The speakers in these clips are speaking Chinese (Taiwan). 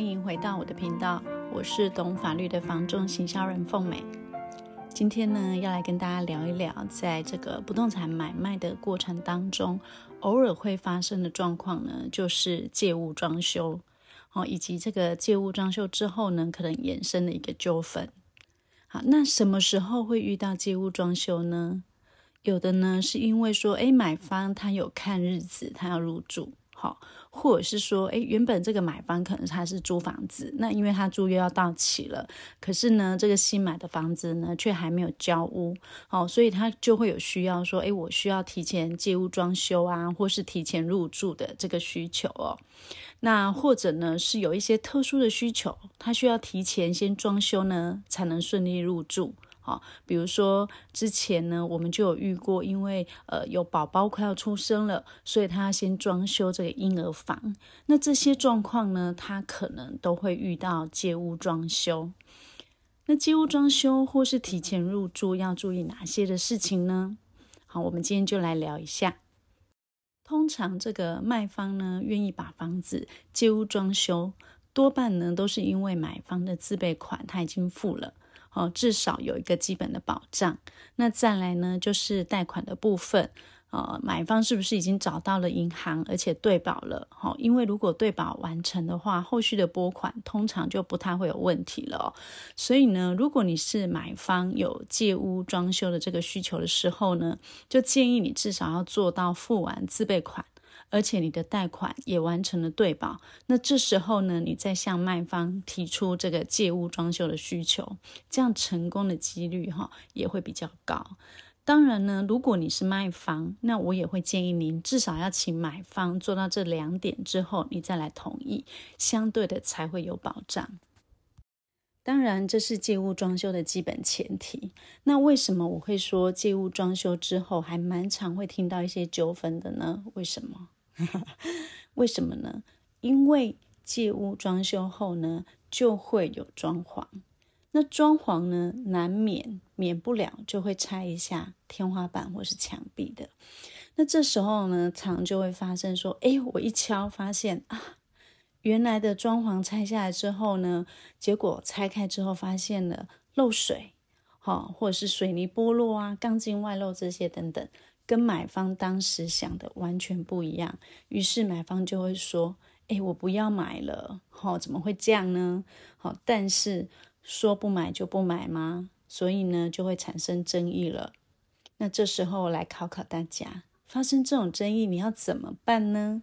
歡迎回到我的頻道，我是懂法律的房仲行銷人鳳美。今天呢，要來跟大家聊一聊，在這個不動產買賣的過程當中，偶爾會發生的狀況呢，就是借屋裝修，哦，以及這個借屋裝修之後呢，可能衍生的一個糾紛。好，那什麼時候會遇到借屋裝修呢？有的呢，是因為說，哎，買方他有看日子，他要入住。好，或者是說，誒，原本這個買方可能他是租房子，那因為他租約要到期了，可是呢，這個新買的房子呢，卻還沒有交屋，哦，所以他就會有需要說，哎，我需要提前借屋裝修啊，或是提前入住的這個需求哦，那或者呢，是有一些特殊的需求，他需要提前先裝修呢，才能順利入住。好，比如說之前呢，我們就有遇過，因為呃有寶寶快要出生了，所以他要先裝修這個嬰兒房。那這些狀況呢，他可能都會遇到借屋裝修。那借屋裝修或是提前入住要注意哪些的事情呢？好，我們今天就來聊一下。通常這個賣方呢，願意把房子借屋裝修，多半呢都是因為買方的自備款他已經付了。哦，至少有一個基本的保障。那再來呢，就是貸款的部分。呃，買方是不是已經找到了銀行，而且對保了？好、哦，因為如果對保完成的話，後續的撥款通常就不太會有問題了、哦。所以呢，如果你是買方有借屋裝修的這個需求的時候呢，就建議你至少要做到付完自備款。而且你的貸款也完成了對保，那這時候呢，你再向賣方提出這個借屋裝修的需求，這樣成功的幾率哈也會比較高。當然呢，如果你是賣方，那我也會建議您至少要請買方做到這兩點之後，你再來同意，相對的才會有保障。當然，這是借屋裝修的基本前提。那為什麼我會說借屋裝修之後還蠻常會聽到一些糾紛的呢？為什麼？ 為什麼呢？因為借屋裝修後呢，就會有裝潢。那裝潢呢，難免免不了就會拆一下天花板或是牆壁的。那這時候呢，常就會發生說：哎，我一敲發現啊，原來的裝潢拆下來之後呢，結果拆開之後發現了漏水。好，或者是水泥剝落啊，鋼筋外露這些等等，跟買方當時想的完全不一樣。於是買方就會說：“誒，我不要買了。哦”好，怎麼會這樣呢？好，哦，但是說不買就不買嗎？所以呢，就會產生爭議了。那這時候來考考大家，發生這種爭議你要怎麼辦呢？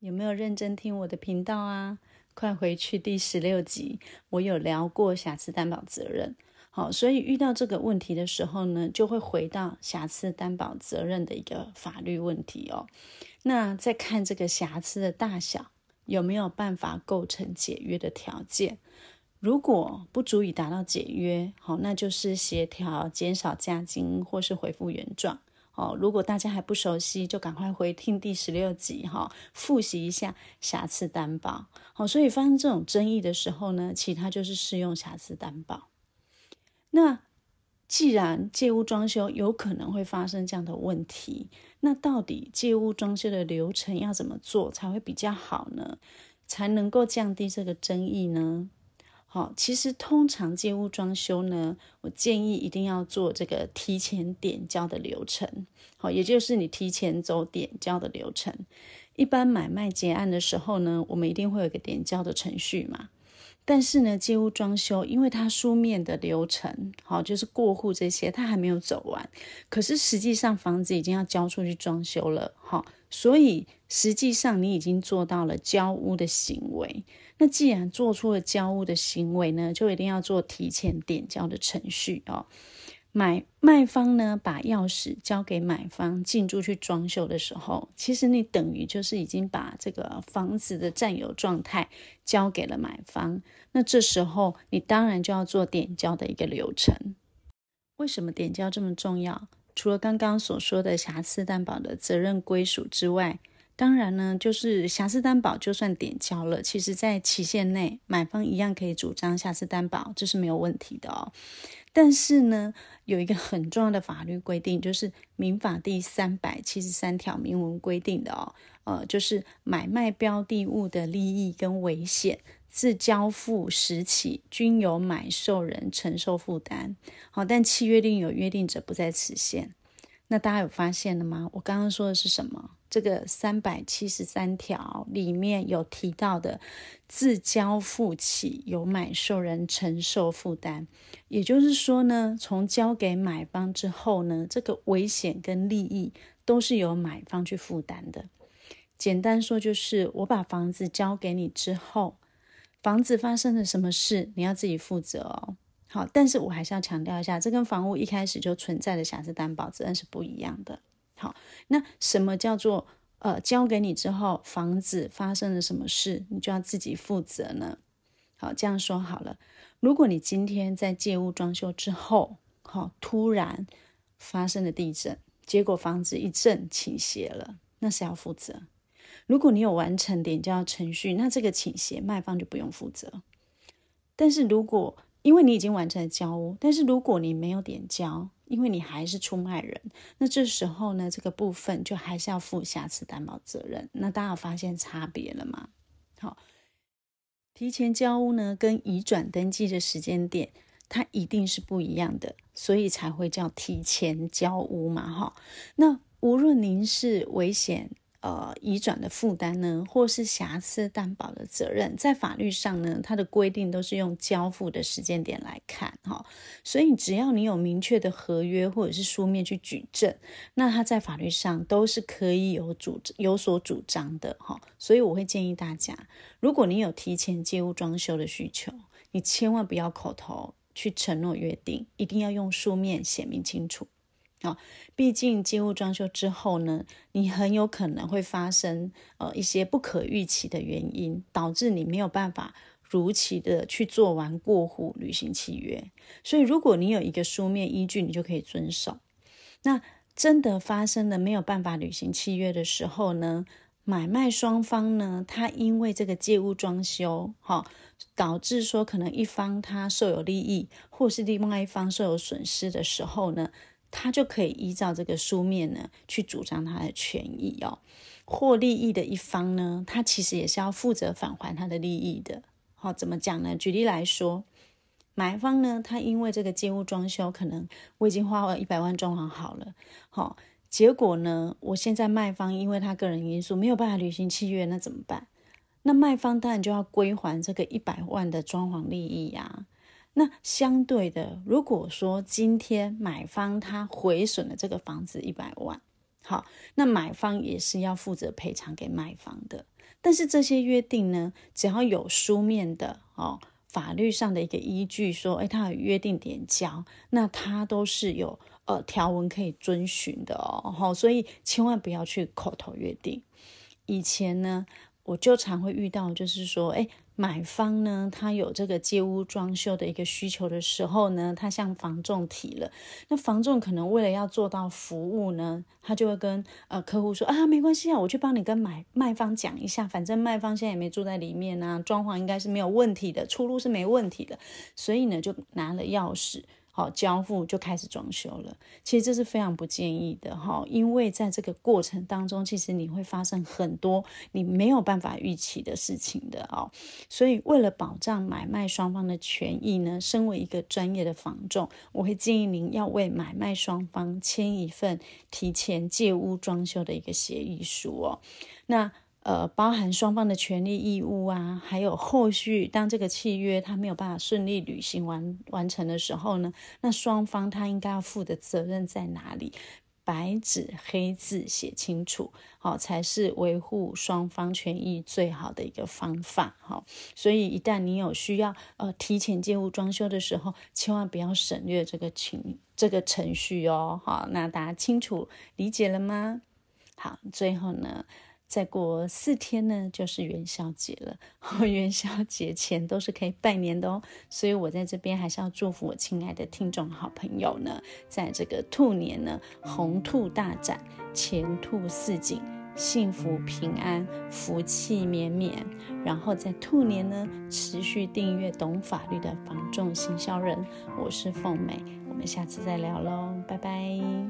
有沒有認真聽我的頻道啊？快回去第十六集，我有聊過瑕疵擔保責任。好、哦，所以遇到這個問題的時候呢，就會回到瑕疵擔保責任的一個法律問題哦。那再看這個瑕疵的大小，有沒有辦法構成解約的條件？如果不足以達到解約，好、哦，那就是協調減少價金或是回復原狀。哦，如果大家還不熟悉，就趕快回聽第十六集哈、哦，複習一下瑕疵擔保。好、哦，所以發生這種爭議的時候呢，其他就是適用瑕疵擔保。那既然借屋裝修有可能會發生這樣的問題，那到底借屋裝修的流程要怎麼做才會比較好呢？才能夠降低這個爭議呢？好，其實通常借屋裝修呢，我建議一定要做這個提前點交的流程。好，也就是你提前走點交的流程。一般買賣結案的時候呢，我們一定會有一個點交的程序嘛。但是呢，借屋裝修，因為它書面的流程，好、哦，就是過戶這些，它還沒有走完。可是實際上房子已經要交出去裝修了，好、哦，所以實際上你已經做到了交屋的行為。那既然做出了交屋的行為呢，就一定要做提前點交的程序哦。買賣方呢，把鑰匙交給買方進駐去裝修的時候，其實你等於就是已經把這個房子的佔有狀態交給了買方。那這時候你當然就要做點交的一個流程。為什麼點交這麼重要？除了剛剛所說的瑕疵擔保的責任歸屬之外。當然呢，就是瑕疵擔保就算點交了，其實在期限內買方一樣可以主張瑕疵擔保，這、就是沒有問題的哦。但是呢，有一個很重要的法律規定，就是《民法》第三百七十三條明文規定的哦，呃，就是買賣標的物的利益跟危險自交付時起均由買受人承受負擔。好、哦，但契約另有約定者不在此限。那大家有發現了嗎？我剛剛說的是什麼？這個三百七十三條裡面有提到的，自交付起由買受人承受負擔，也就是說呢，從交給買方之後呢，這個危險跟利益都是由買方去負擔的。簡單說就是，我把房子交給你之後，房子發生了什麼事，你要自己負責哦。好，但是我還是要強調一下，這跟房屋一開始就存在的瑕疵擔保責任是不一樣的。好，那什麼叫做呃交給你之後，房子發生了什麼事，你就要自己負責呢？好，這樣說好了，如果你今天在借屋裝修之後，好、哦、突然發生了地震，結果房子一陣傾斜了，那是要負責。如果你有完成點交程序，那這個傾斜賣方就不用負責。但是如果因為你已經完成了交屋，但是如果你沒有點交，因為你還是出賣人，那這時候呢，這個部分就還是要負瑕疵擔保責任。那大家有發現差別了嗎？好，提前交屋呢，跟移轉登記的時間點，它一定是不一樣的，所以才會叫提前交屋嘛。哈，那無論您是危險。呃，移轉的負擔呢，或是瑕疵擔保的責任，在法律上呢，它的規定都是用交付的時間點來看哈、哦。所以只要你有明確的合約或者是書面去舉證，那它在法律上都是可以有主有所主張的哈、哦。所以我會建議大家，如果你有提前借屋裝修的需求，你千萬不要口頭去承諾約定，一定要用書面寫明清楚。好，畢竟借屋裝修之後呢，你很有可能會發生呃一些不可預期的原因，導致你沒有辦法如期的去做完過戶履行契約。所以，如果你有一個書面依據，你就可以遵守。那真的發生了沒有辦法履行契約的時候呢，買賣雙方呢，他因為這個借屋裝修哈，導致說可能一方他受有利益，或是另外一方受有損失的時候呢，他就可以依照這個書面呢去主張他的權益哦，獲利益的一方呢，他其實也是要負責返還他的利益的。好、哦，怎麼講呢？舉例來說，買方呢，他因為這個借屋裝修，可能我已經花了一百萬裝潢好了，好、哦，結果呢，我現在賣方因為他個人因素沒有辦法履行契約，那怎麼辦？那賣方當然就要歸還這個一百萬的裝潢利益呀、啊。那相對的，如果說今天買方他毀損了這個房子一百萬，好，那買方也是要負責賠償給賣方的。但是這些約定呢，只要有書面的哦，法律上的一個依據說，說哎，他有約定點交，那他都是有呃條文可以遵循的哦。好、哦，所以千萬不要去口頭約定。以前呢，我就常會遇到，就是說哎。誒買方呢，他有這個借屋裝修的一個需求的時候呢，他向房仲提了。那房仲可能為了要做到服務呢，他就會跟呃客戶說啊，沒關係啊，我去幫你跟買賣方講一下，反正賣方現在也沒住在裡面啊，裝潢應該是沒有問題的，出入是沒問題的，所以呢，就拿了鑰匙。好交付，就開始裝修了，其實這是非常不建議的哈，因為在這個過程當中，其實你會發生很多你沒有辦法預期的事情的哦。所以為了保障買賣雙方的權益呢，身為一個專業的房仲，我會建議您要為買賣雙方簽一份提前借屋裝修的一個協議書哦。那呃，包含雙方的權利義務啊，還有後續，當這個契約它沒有辦法順利履行完完成的時候呢，那雙方他應該要負的責任在哪裡？白紙黑字寫清楚，好、哦，才是維護雙方權益最好的一個方法。哦、所以一旦你有需要，呃，提前借屋裝修的時候，千萬不要省略這個程這個程序哦。好、哦，那大家清楚理解了嗎？好，最後呢，再過四天呢，就是元宵節了、哦。元宵節前都是可以拜年的哦，所以我在這邊還是要祝福我親愛的聽眾、好朋友呢，在這個兔年呢，鴻兔大展，前兔似錦，幸福平安，福氣綿綿。然後在兔年呢，持續訂閱懂法律的房仲行銷人，我是鳳美，我們下次再聊嘍，拜拜。